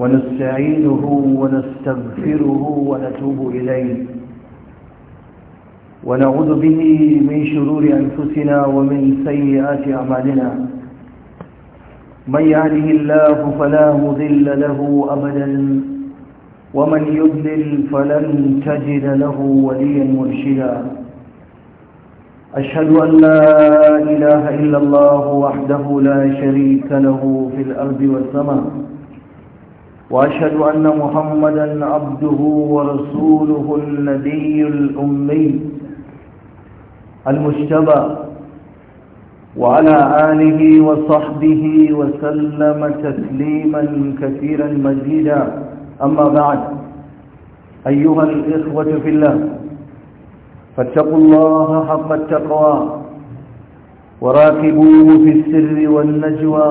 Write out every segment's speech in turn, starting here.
ونستعينه ونستغفره ونتوب إليه ونعوذ به من شرور أنفسنا ومن سيئات أعمالنا من يهده الله فلا مضل له أبدا ومن يضلل فلن تجد له وليا مرشدا أشهد أن لا إله إلا الله وحده لا شريك له في الأرض والسماء وأشهد أن محمدا عبده ورسوله النبي الأمي المجتبى وعلى آله وصحبه وسلم تسليما كثيرا مزيدا أما بعد أيها الإخوة في الله فاتقوا الله حق التقوى وراكبوه في السر والنجوى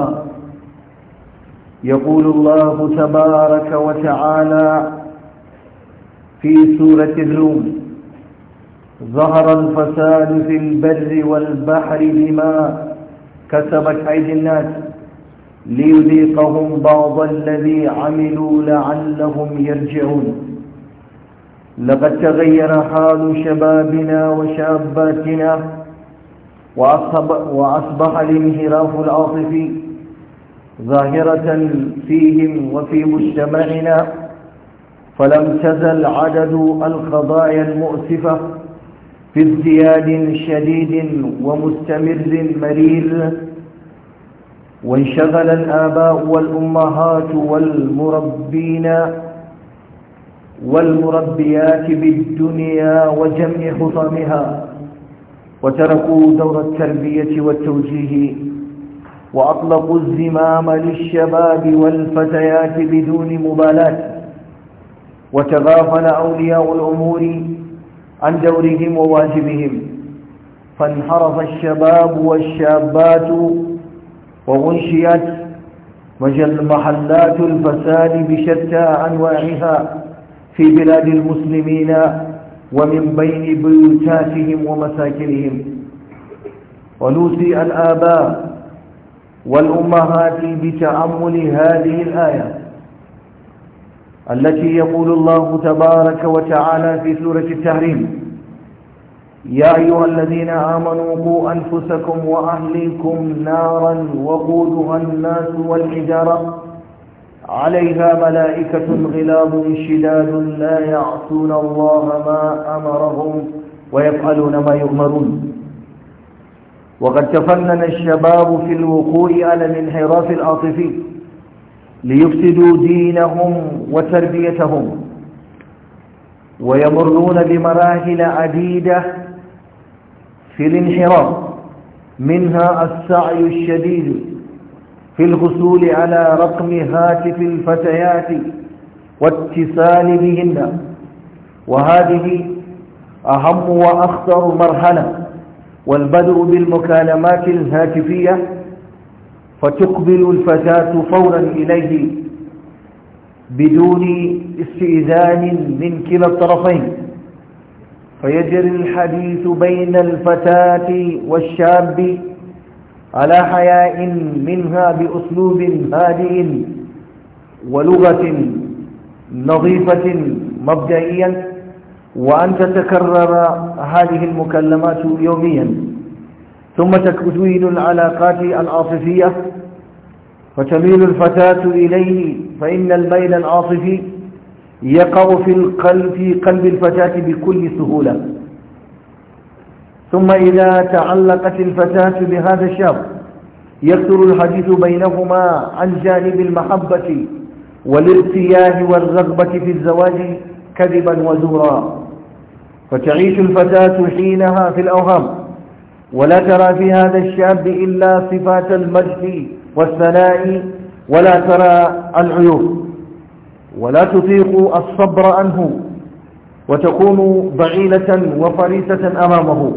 يقول الله تبارك وتعالى في سورة الروم ظهر الفساد في البر والبحر بما كسبت أيدي الناس ليذيقهم بعض الذي عملوا لعلهم يرجعون لقد تغير حال شبابنا وشاباتنا وأصبح الانحراف العاطفي ظاهرة فيهم وفي مجتمعنا فلم تزل عدد القضايا المؤسفة في ازدياد شديد ومستمر مرير وانشغل الآباء والأمهات والمربين والمربيات بالدنيا وجمع خصامها وتركوا دور التربية والتوجيه وأطلقوا الزمام للشباب والفتيات بدون مبالاة وتغافل أولياء الأمور عن دورهم وواجبهم فانحرف الشباب والشابات وغنشيت مجل محلات الفساد بشتى أنواعها في بلاد المسلمين ومن بين بيوتاتهم ومساكنهم ونوصي الآباء والأمهات بتأمل هذه الآية التي يقول الله تبارك وتعالى في سورة التحريم يا أيها الذين آمنوا قوا أنفسكم وأهليكم نارا وقودها الناس والحجارة عليها ملائكة غلاب شداد لا يعصون الله ما أمرهم ويفعلون ما يؤمرون وقد تفنن الشباب في الوقوع على الانحراف العاطفي ليفسدوا دينهم وتربيتهم ويمرون بمراحل عديدة في الانحراف منها السعي الشديد في الحصول على رقم هاتف الفتيات واتصال بهن وهذه أهم وأخطر مرحلة والبدء بالمكالمات الهاتفية فتقبل الفتاة فورا إليه بدون استئذان من كلا الطرفين فيجري الحديث بين الفتاة والشاب على حياء منها بأسلوب هادئ ولغة نظيفة مبدئيا وأن تتكرر هذه المكلمات يوميا ثم تكوين العلاقات العاطفية فتميل الفتاة إليه فإن الميل العاطفي يقع في القلب في قلب الفتاة بكل سهولة ثم إذا تعلقت الفتاة بهذا الشاب يكثر الحديث بينهما عن جانب المحبة والارتياه والرغبة في الزواج كذبا وزورا فتعيش الفتاة حينها في الأوهام ولا ترى في هذا الشاب إلا صفات المجد والثناء ولا ترى العيوب ولا تطيق الصبر عنه وتكون ضعيلة وفريسة أمامه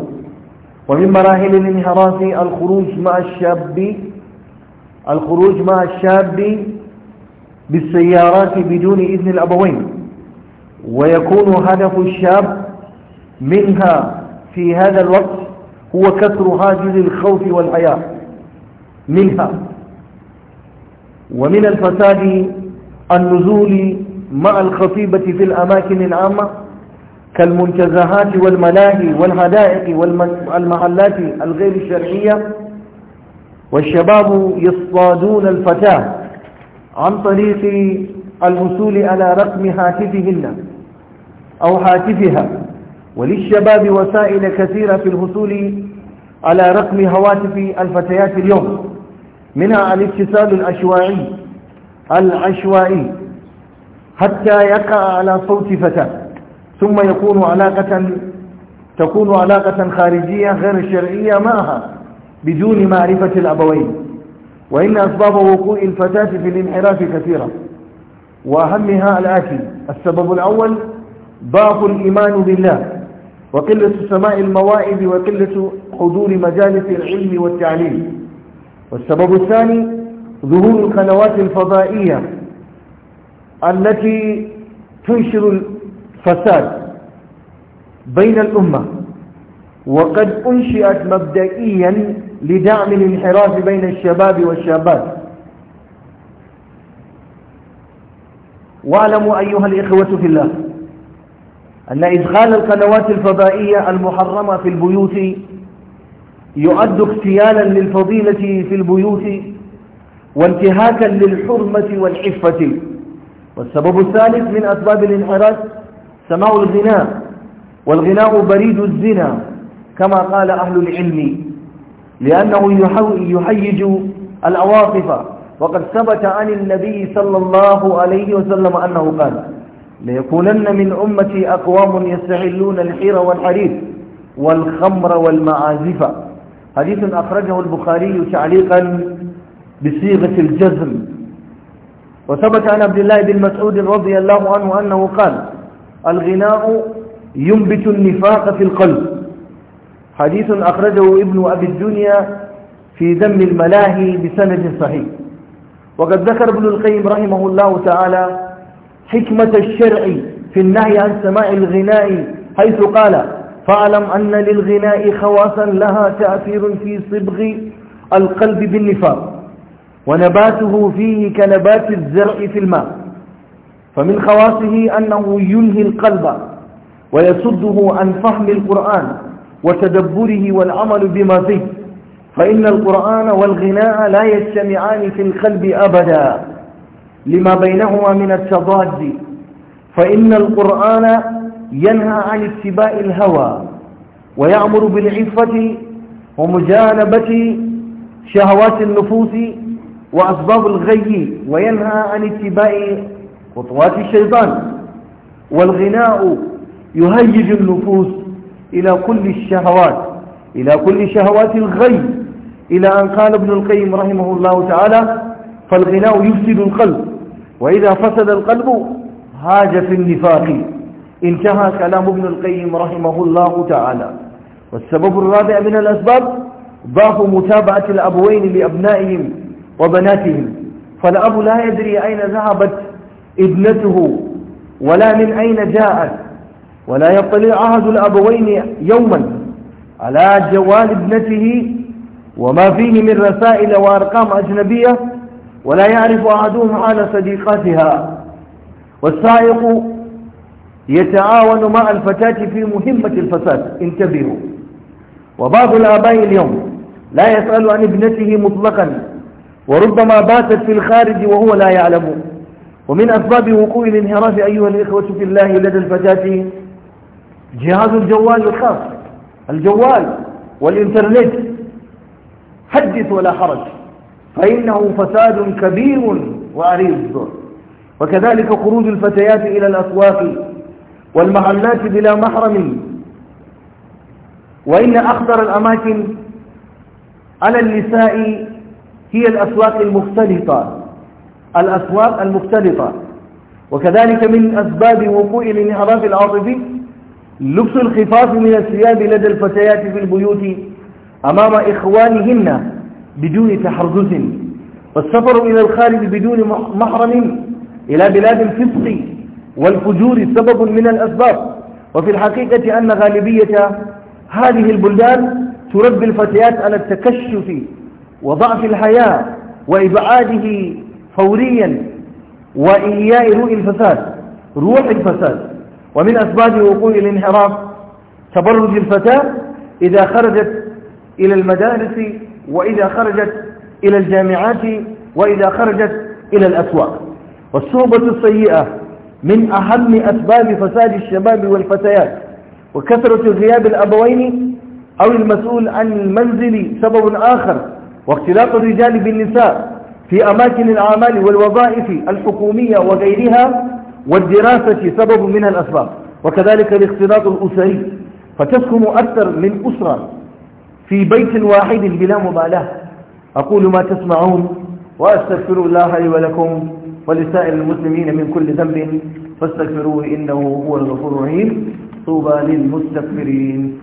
ومن مراحل الانحراف الخروج مع الشاب الخروج مع الشاب بالسيارات بدون إذن الأبوين ويكون هدف الشاب منها في هذا الوقت هو كثر هاجر الخوف والحياء منها ومن الفساد النزول مع الخطيبة في الأماكن العامة كالمنتزهات والملاهي والحدائق والمحلات الغير الشرعية والشباب يصطادون الفتاة عن طريق الوصول على رقم هاتفهن أو هاتفها وللشباب وسائل كثيرة في الحصول على رقم هواتف الفتيات اليوم منها الاتصال العشوائي العشوائي حتى يقع على صوت فتاة ثم يكون علاقة تكون علاقة خارجية غير شرعية معها بدون معرفة الأبوين وإن أسباب وقوع الفتاة في الانحراف كثيرة وأهمها الآتي السبب الأول ضعف الإيمان بالله وقلة سماء المواعظ وقلة حضور مجالس العلم والتعليم والسبب الثاني ظهور القنوات الفضائية التي تنشر الفساد بين الأمة وقد أنشئت مبدئيا لدعم الانحراف بين الشباب والشابات واعلموا أيها الإخوة في الله أن إدخال القنوات الفضائية المحرمة في البيوت يؤد اغتيالا للفضيلة في البيوت وانتهاكا للحرمة والعفة والسبب الثالث من أسباب الانحراف سماع الغناء والغناء بريد الزنا كما قال أهل العلم لأنه يحيج العواطف وقد ثبت عن النبي صلى الله عليه وسلم أنه قال ليكونن من أمتي أقوام يستحلون الحير والحرير والخمر والمعازف حديث أخرجه البخاري تعليقا بصيغة الجزم وثبت عن عبد الله بن مسعود رضي الله عنه أنه قال الغناء ينبت النفاق في القلب حديث أخرجه ابن أبي الدنيا في ذم الملاهي بسند صحيح وقد ذكر ابن القيم رحمه الله تعالى حكمة الشرع في النهي عن سماع الغناء حيث قال فاعلم أن للغناء خواصا لها تأثير في صبغ القلب بالنفاق ونباته فيه كنبات الزرع في الماء فمن خواصه أنه ينهي القلب ويصده عن فهم القرآن وتدبره والعمل بما فيه فإن القرآن والغناء لا يجتمعان في القلب أبداً لما بينهما من التضاد فإن القرآن ينهى عن اتباع الهوى ويأمر بالعفة ومجانبة شهوات النفوس وأسباب الغي وينهى عن اتباع خطوات الشيطان والغناء يهيج النفوس إلى كل الشهوات إلى كل شهوات الغي إلى أن قال ابن القيم رحمه الله تعالى فالغناء يفسد القلب وإذا فسد القلب هاج في النفاق انتهى كلام ابن القيم رحمه الله تعالى والسبب الرابع من الأسباب ضعف متابعة الأبوين لأبنائهم وبناتهم فالأب لا يدري أين ذهبت ابنته ولا من أين جاءت ولا يطلع أحد الأبوين يوما على جوال ابنته وما فيه من رسائل وأرقام أجنبية ولا يعرف أحدهم حال صديقتها والسائق يتعاون مع الفتاة في مهمة الفساد انتبهوا وبعض الآباء اليوم لا يسأل عن ابنته مطلقا وربما باتت في الخارج وهو لا يعلم ومن أسباب وقوع الانحراف أيها الإخوة في الله لدى الفتاة جهاز الجوال الخاص الجوال والإنترنت حدث ولا حرج فإنه فساد كبير وعريض وكذلك خروج الفتيات إلى الأسواق والمحلات بلا محرم وإن أخطر الأماكن على النساء هي الأسواق المختلطة الأسواق المختلطة وكذلك من أسباب وقوع الانحراف العاطفي لبس الخفاف من الثياب لدى الفتيات في البيوت أمام إخوانهن بدون تحرز والسفر إلى الخارج بدون محرم إلى بلاد الفسق والفجور سبب من الأسباب وفي الحقيقة أن غالبية هذه البلدان تربي الفتيات على التكشف وضعف الحياة وإبعاده فوريا وإياء روح الفساد روح الفساد ومن أسباب وقوع الانحراف تبرج الفتاة إذا خرجت إلى المدارس وإذا خرجت إلى الجامعات وإذا خرجت إلى الأسواق والصحبة السيئة من أهم أسباب فساد الشباب والفتيات وكثرة غياب الأبوين أو المسؤول عن المنزل سبب آخر واختلاط الرجال بالنساء في أماكن الأعمال والوظائف الحكومية وغيرها والدراسة سبب من الأسباب وكذلك الاختلاط الأسري فتسكن أكثر من أسرة في بيت واحد بلا مبالاة أقول ما تسمعون وأستغفر الله لي ولكم ولسائر المسلمين من كل ذنب فاستغفروه إنه هو الغفور الرحيم طوبى للمستغفرين